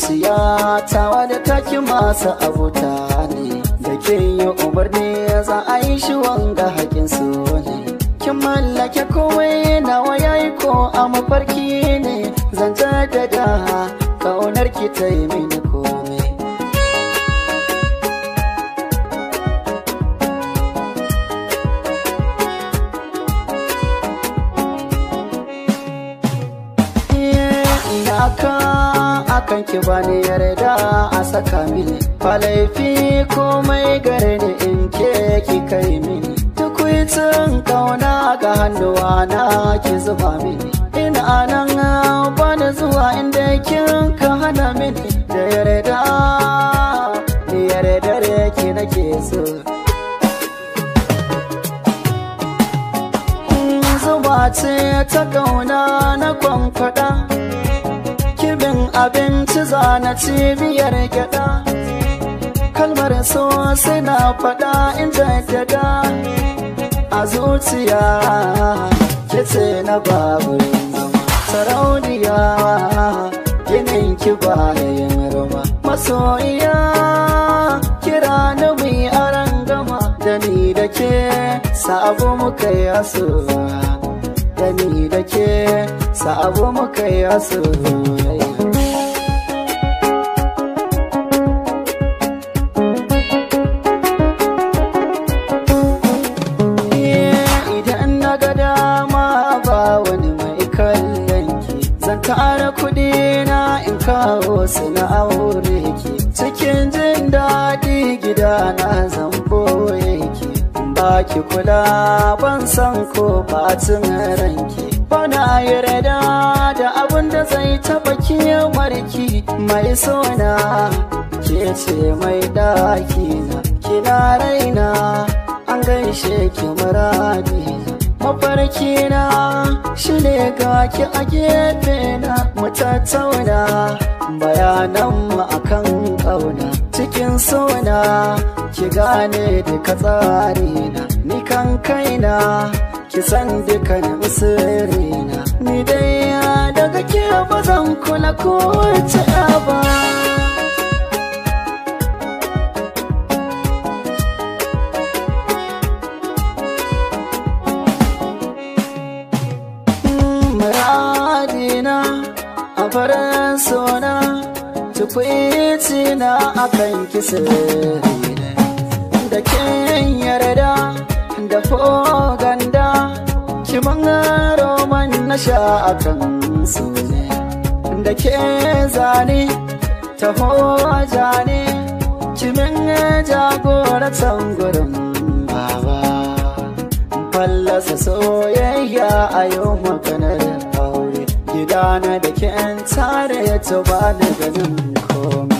zuciya tawa da taki masu abuta ne da ke yi ne, za a yi shi wanga haƙin su ne kin mallake komai nawa yayi ko a mafarki ne zanta da da kaunar ki ta yi mini komai eh, kan ki bani yarda a saka mini ba laifi komai gare ni in ke ki kai mini tukwicin kauna ga hannuwa na ki zuba mini ina anan bani zuwa inda kin ka hana mini da yarda ni yarda ki nake so zuba ce ta kauna na kwamfada abinci zana cibiyar gyada kalmar so sai na faɗa in jaddada a zuciya kice na babu sarauniya ginin ki bayan rama masoyiya kira na mai aran gama da ni da ke sa'abu muka yi da ni da ke sa'abu muka yi asuwa yawo suna aure ki cikin jin daɗi gida na zambo yake ba ki kula ban san ko bacin ranki bana yarda da abin da zai taba ki marki mai sona ke ce mai ɗaki na kina raina an gaishe ki muradi mafarki na shi ne ga ki a gefe na mu tattauna bayanan mu akan ƙauna cikin suna ki gane ka tsari na ni kan kaina ki san dukkanin sirri na ni dai daga ke bazan kula ko ta ba farin sona, tukwici na akan kisa da kin yarda da foganda kiman roman na sha akan su da ke zane ta hoja ne kimin jagoratan gurin baba fallasa soyayya a yau makanar gidana da kyan tare ya taba da ganin komi